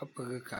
阿不，敢。